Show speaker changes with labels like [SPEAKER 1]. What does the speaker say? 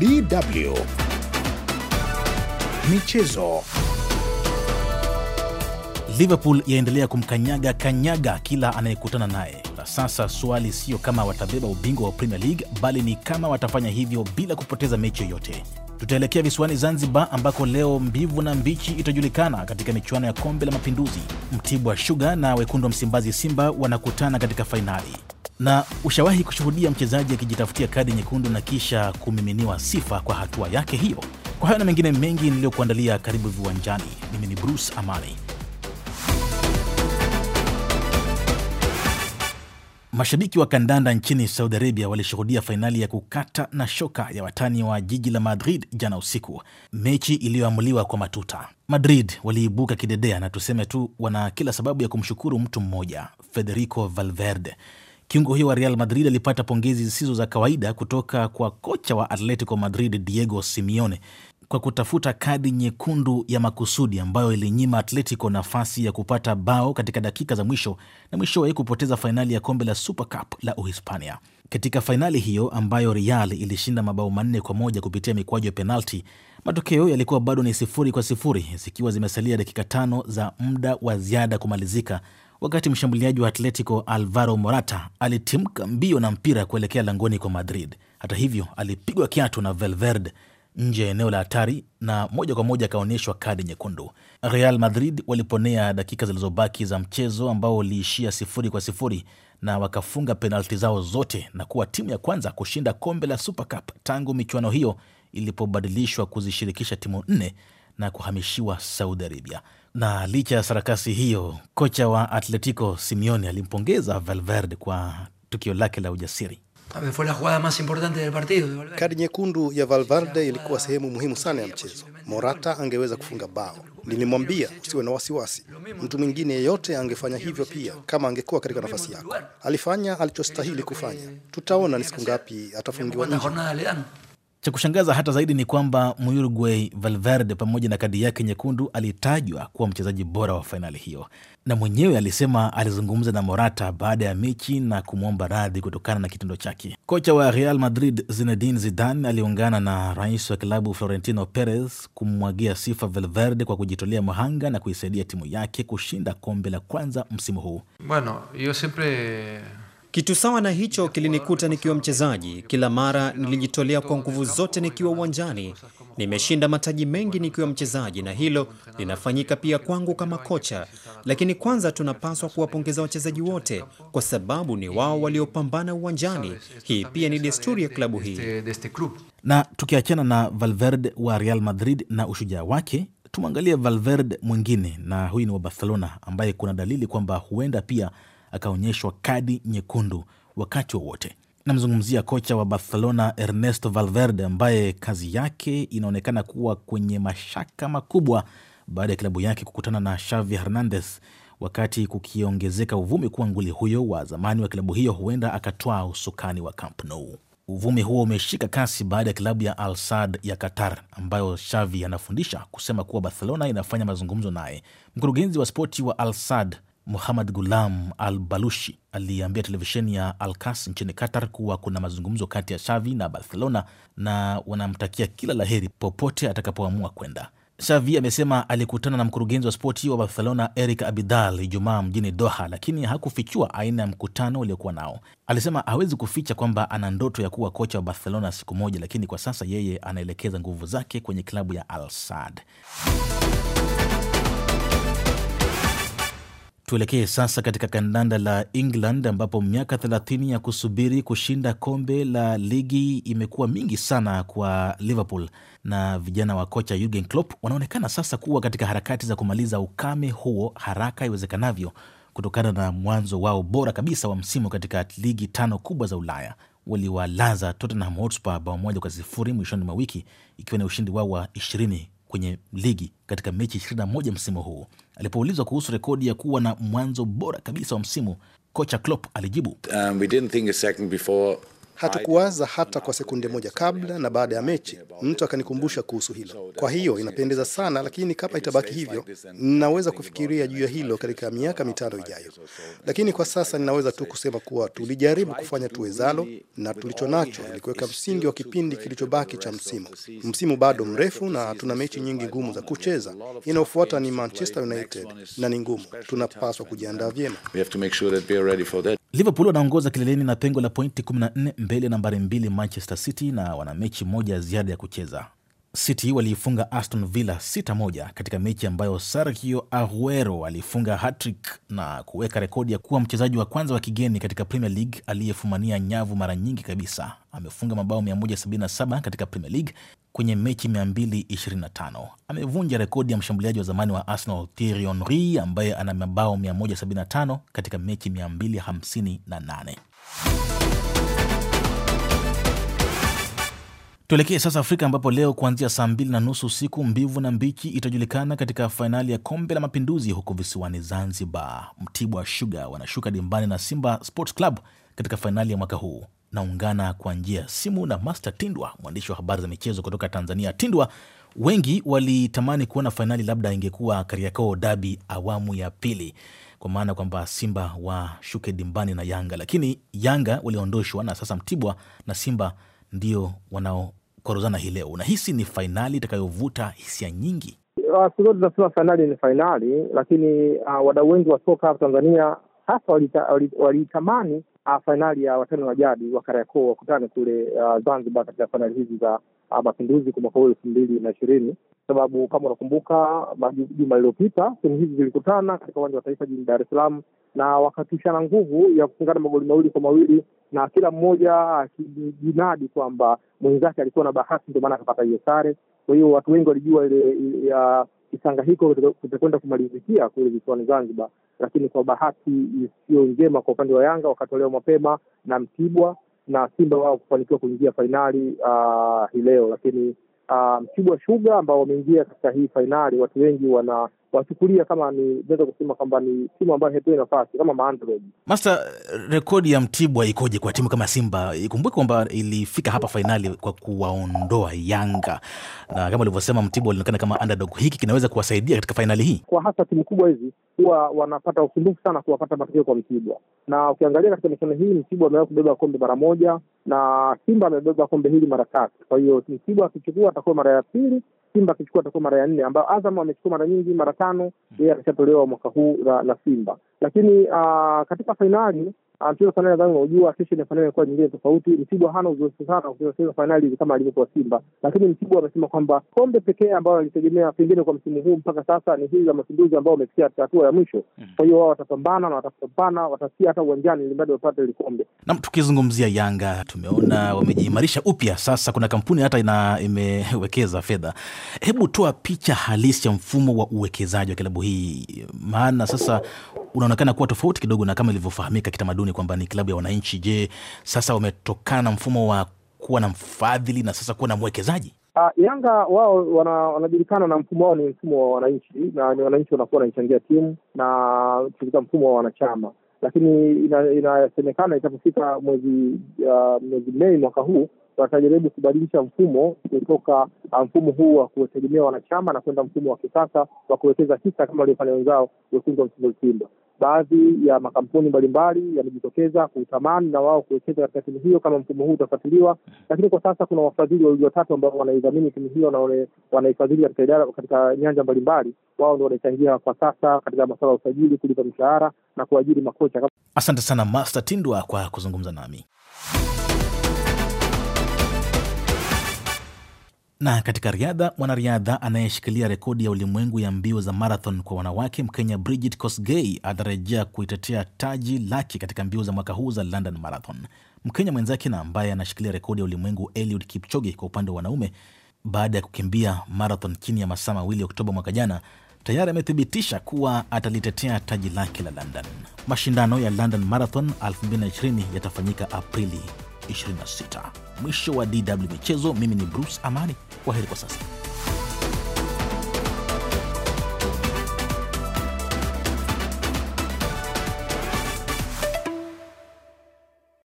[SPEAKER 1] DW Michezo. Liverpool yaendelea kumkanyaga kanyaga kila anayekutana naye. Na sasa swali siyo kama watabeba ubingwa wa Premier League bali ni kama watafanya hivyo bila kupoteza mechi yoyote. Tutaelekea visiwani Zanzibar ambako leo mbivu na mbichi itajulikana katika michuano ya Kombe la Mapinduzi. Mtibwa Sugar na wekundu wa Msimbazi Simba wanakutana katika fainali. Na ushawahi kushuhudia mchezaji akijitafutia kadi nyekundu na kisha kumiminiwa sifa kwa hatua yake hiyo? Kwa hayo na mengine mengi niliyokuandalia, karibu Viwanjani. Mimi ni Bruce Amani. Mashabiki wa kandanda nchini Saudi Arabia walishuhudia fainali ya kukata na shoka ya watani wa jiji la Madrid jana usiku, mechi iliyoamuliwa kwa matuta. Madrid waliibuka kidedea, na tuseme tu wana kila sababu ya kumshukuru mtu mmoja, Federico Valverde Kiungo huyo wa Real Madrid alipata pongezi zisizo za kawaida kutoka kwa kocha wa Atletico Madrid Diego Simeone kwa kutafuta kadi nyekundu ya makusudi ambayo ilinyima Atletico nafasi ya kupata bao katika dakika za mwisho na mwishowe kupoteza fainali ya kombe la Super Cup la Uhispania. Katika fainali hiyo ambayo Real ilishinda mabao manne kwa moja kupitia mikwaju ya penalti, matokeo yalikuwa bado ni sifuri kwa sifuri, zikiwa zimesalia dakika tano za muda wa ziada kumalizika wakati mshambuliaji wa Atletico Alvaro Morata alitimka mbio na mpira kuelekea langoni kwa Madrid. Hata hivyo, alipigwa kiatu na Valverde nje ya eneo la hatari na moja kwa moja akaonyeshwa kadi nyekundu. Real Madrid waliponea dakika zilizobaki za mchezo ambao uliishia sifuri kwa sifuri na wakafunga penalti zao zote na kuwa timu ya kwanza kushinda kombe la Super Cup tangu michuano hiyo ilipobadilishwa kuzishirikisha timu nne na kuhamishiwa Saudi Arabia. Na licha ya sarakasi hiyo, kocha wa Atletico Simeone alimpongeza Valverde kwa tukio lake la ujasiri. Kadi nyekundu ya Valverde ilikuwa sehemu muhimu sana ya mchezo. Morata angeweza kufunga bao. Nilimwambia usiwe na wasiwasi, mtu mwingine yeyote angefanya hivyo pia kama angekuwa katika nafasi yako. Alifanya alichostahili kufanya. Tutaona ni siku ngapi atafungiwa nje. Cha kushangaza hata zaidi ni kwamba Muuruguay Valverde pamoja na kadi yake nyekundu alitajwa kuwa mchezaji bora wa fainali hiyo, na mwenyewe alisema alizungumza na Morata baada ya mechi na kumwomba radhi kutokana na kitendo chake. Kocha wa Real Madrid Zinedine Zidane aliungana na rais wa klabu Florentino Perez kumwagia sifa Valverde kwa kujitolea mhanga na kuisaidia timu yake kushinda kombe la kwanza msimu huu.
[SPEAKER 2] Bueno, yo siempre kitu sawa na hicho kilinikuta nikiwa mchezaji. Kila mara nilijitolea kwa nguvu
[SPEAKER 1] zote nikiwa uwanjani. Nimeshinda mataji mengi nikiwa mchezaji, na hilo linafanyika pia kwangu kama kocha. Lakini kwanza tunapaswa kuwapongeza wachezaji wote, kwa sababu ni wao waliopambana uwanjani. Hii pia ni desturi ya klabu hii. Na tukiachana na Valverde wa Real Madrid na ushujaa wake tumwangalie Valverde mwingine, na huyu ni wa Barcelona ambaye kuna dalili kwamba huenda pia akaonyeshwa kadi nyekundu wakati wowote. Namzungumzia kocha wa Barcelona Ernesto Valverde ambaye kazi yake inaonekana kuwa kwenye mashaka makubwa baada ya klabu yake kukutana na Xavi Hernandez, wakati kukiongezeka uvumi kuwa nguli huyo wa zamani wa klabu hiyo huenda akatwaa usukani wa Camp Nou. Uvumi huo umeshika kasi baada ya klabu ya Al Saad ya Qatar ambayo Xavi anafundisha kusema kuwa Barcelona inafanya mazungumzo naye. Mkurugenzi wa spoti wa Al Muhamad Gulam Al Balushi aliambia televisheni ya Alkas nchini Qatar kuwa kuna mazungumzo kati ya shavi na Barcelona na wanamtakia kila laheri popote atakapoamua kwenda. shavi amesema alikutana na mkurugenzi wa spoti wa Barcelona Eric Abidal Ijumaa mjini Doha, lakini hakufichua aina ya mkutano uliokuwa nao. Alisema hawezi kuficha kwamba ana ndoto ya kuwa kocha wa Barcelona siku moja, lakini kwa sasa yeye anaelekeza nguvu zake kwenye klabu ya Al Sadd. Tuelekee sasa katika kandanda la England ambapo miaka 30 ya kusubiri kushinda kombe la ligi imekuwa mingi sana kwa Liverpool na vijana wa kocha Jurgen Klopp wanaonekana sasa kuwa katika harakati za kumaliza ukame huo haraka iwezekanavyo kutokana na mwanzo wao bora kabisa wa msimu katika ligi tano kubwa za Ulaya. Waliwalaza Tottenham Hotspur bao moja kwa sifuri mwishoni mwa wiki ikiwa ni ushindi wao wa 20 kwenye ligi katika mechi 21 msimu huu. Alipoulizwa kuhusu rekodi ya kuwa na mwanzo bora kabisa wa msimu, kocha Klopp alijibu um, we didn't think a second before Hatukuwaza hata kwa sekunde moja kabla na baada ya mechi, mtu akanikumbusha kuhusu hilo. Kwa hiyo inapendeza sana, lakini kama itabaki hivyo, ninaweza kufikiria juu ya hilo katika miaka mitano ijayo. Lakini kwa sasa ninaweza tu kusema kuwa tulijaribu kufanya tuwezalo na tulicho nacho ili kuweka msingi wa kipindi kilichobaki cha msimu. Msimu bado mrefu na tuna mechi nyingi ngumu za kucheza. Inayofuata ni Manchester United na ni ngumu, tunapaswa kujiandaa vyema. Liverpool wanaongoza kileleni na pengo la pointi 14 mbele ya nambari mbili Manchester City na wana mechi moja ziada ya kucheza. City waliifunga Aston Villa 61 katika mechi ambayo Sergio Aguero alifunga hatrick na kuweka rekodi ya kuwa mchezaji wa kwanza wa kigeni katika Premier League aliyefumania nyavu mara nyingi kabisa. Amefunga mabao 177 katika Premier League kwenye mechi 225. Amevunja rekodi ya mshambuliaji wa zamani wa Arsenal Thierry Henry ambaye ana mabao 175 katika mechi 258. Tuelekee sasa Afrika ambapo leo kuanzia saa mbili na nusu usiku mbivu na mbichi itajulikana katika fainali ya Kombe la Mapinduzi huko visiwani Zanzibar. Mtibwa Sugar wanashuka dimbani na Simba Sports Club katika fainali ya mwaka huu naungana kwa njia ya simu na Master Tindwa, mwandishi wa habari za michezo kutoka Tanzania. Tindwa, wengi walitamani kuona fainali labda ingekuwa Kariakoo Dabi awamu ya pili, kwa maana kwamba Simba washuke dimbani na Yanga, lakini Yanga waliondoshwa na sasa Mtibwa na Simba ndio wanaokorozana hii leo. Unahisi ni fainali itakayovuta hisia nyingi?
[SPEAKER 2] Ah, siku zote tunasema fainali ni fainali, lakini uh, wadau wengi wa soka hapa Tanzania hasa walitamani fainali ya watani wa jadi wa Kariakoo wakutane kule uh, Zanzibar katika fainali hizi za uh, mapinduzi kwa mwaka huu elfu mbili na ishirini sababu kama unakumbuka juma iliyopita timu hizi zilikutana katika uwanja wa taifa jijini Dar es Salaam na wakatishana nguvu ya kufungana magoli mawili kwa mawili na kila mmoja akijinadi kwamba mwenzake alikuwa na bahati, ndio maana akapata hiyo sare, kwa hiyo watu wengi walijua ile ya kisanga hiko kitakwenda kumalizikia kule visiwani Zanzibar, lakini kwa bahati isiyo njema kwa upande wa Yanga wakatolewa mapema na Mtibwa na Simba wao kufanikiwa kuingia fainali uh, hii leo, lakini Mtibwa um, Sugar ambao wameingia katika hii fainali, watu wengi wana wachukulia kama ni naweza kusema kwamba ni timu ambayo haipewi nafasi kama Maandred.
[SPEAKER 1] Master, rekodi ya Mtibwa ikoje kwa timu kama Simba? Ikumbuke kwamba ilifika hapa fainali kwa kuwaondoa Yanga, na kama ulivyosema, Mtibwa ulionekana kama underdog. Hiki kinaweza kuwasaidia katika fainali hii,
[SPEAKER 2] kwa hasa timu kubwa hizi huwa wanapata usumbufu sana kuwapata matokeo kwa Mtibwa, na ukiangalia katika michuano hii Mtibwa amewea kubeba kombe mara moja na Simba amebeba kombe hili mara tatu. Kwa hiyo Mtibwa akichukua atakuwa mara ya pili, Simba akichukua atakuwa mara ya nne, ambayo Azam amechukua mara nyingi, mara tano. Yeye hmm. ameshatolewa mwaka huu la, la Simba, lakini uh, katika fainali Mtibwa Fanali nadhani unaujua, kesho ni fainali inakuwa nyingine tofauti. Msibwa hana uzoefu sana kucheza fainali kama alivyokuwa Simba, lakini Msibwa amesema kwamba kombe pekee ambayo alitegemea pengine kwa msimu huu mpaka sasa ni hili la Mapinduzi ambao wamefikia katika hatua ya mwisho. Mm. Kwa hiyo wao watapambana na watapambana, watatia hata uwanjani ili mradi wapate ile kombe.
[SPEAKER 1] Nam, tukizungumzia Yanga tumeona wamejiimarisha upya sasa, kuna kampuni hata ina imewekeza fedha. Hebu toa picha halisi ya mfumo wa uwekezaji wa klabu hii, maana sasa unaonekana kuwa tofauti kidogo na kama ilivyofahamika kitamaduni Muungano kwamba ni klabu ya wananchi. Je, sasa wametokana na mfumo wa kuwa na mfadhili na sasa kuwa na mwekezaji?
[SPEAKER 2] Uh, Yanga wao wana, wanajulikana na mfumo wao ni mfumo wa wananchi, na ni wananchi wanakuwa wanaichangia timu na katika mfumo wa wanachama, lakini inasemekana ina, itapofika mwezi uh, mwezi Mei mwaka huu watajaribu kubadilisha mfumo kutoka ah, mfumo huu wa kuwategemea wanachama na kwenda mfumo wa kisasa wa kuwekeza hisa kama waliofanya wenzao wekundu wa Msimbazi Simba baadhi ya makampuni mbalimbali yamejitokeza kutamani na wao kuwekeza katika timu hiyo kama mfumo huu utafuatiliwa. Lakini kwa sasa kuna wafadhili wawili watatu ambao wanaidhamini timu hiyo na wanaifadhili katika idara, katika nyanja mbalimbali. Wao ndio wanaichangia kwa sasa katika masuala ya usajili, kulipa mishahara na kuajiri makocha.
[SPEAKER 1] Asante sana Master Tindwa kwa kuzungumza nami. Na katika riadha, mwanariadha anayeshikilia rekodi ya ulimwengu ya mbio za marathon kwa wanawake Mkenya Brigid Kosgei anatarajia kuitetea taji lake katika mbio za mwaka huu za London Marathon. Mkenya mwenzake na ambaye anashikilia rekodi ya ulimwengu Eliud Kipchoge kwa upande wa wanaume, baada ya kukimbia marathon chini ya masaa mawili Oktoba mwaka jana, tayari amethibitisha kuwa atalitetea taji lake la London. Mashindano ya London Marathon 2020 yatafanyika Aprili 26. Mwisho wa DW Michezo. Mimi ni Bruce Amani, heri kwa sasa.